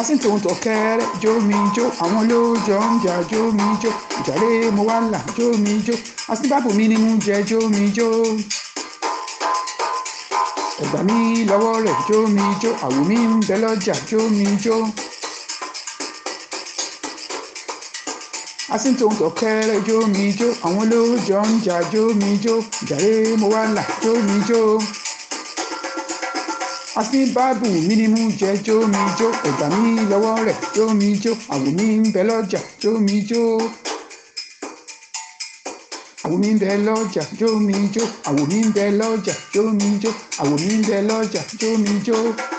asíntòun tó kẹ́rẹ́ jó mi jó àwọn olówó jọ ń jà jó mi jó ìjàre mo wá là jó mi jó asínbàbò mi ni mú jẹ jó mi jó ẹ̀gbà mi lọ́wọ́ rẹ̀ jó mi jó àwò mi ń bẹ lọ́jà jó mi jó. tó kẹ́rẹ́ jó jó àwọn olówó ń jà jó jó ìjàre mo wá là jó mi àfínbádùn mi ni mú jẹ jó mi jó ẹ̀gbà mi lọ́wọ́ rẹ̀ jó mi jó àwò mi ń bẹ lọ́jà jó jó àwò mi ń bẹ lọ́jà jó jó àwò mi ń bẹ lọ́jà jó mi jó àwò mi ń bẹ jó jó.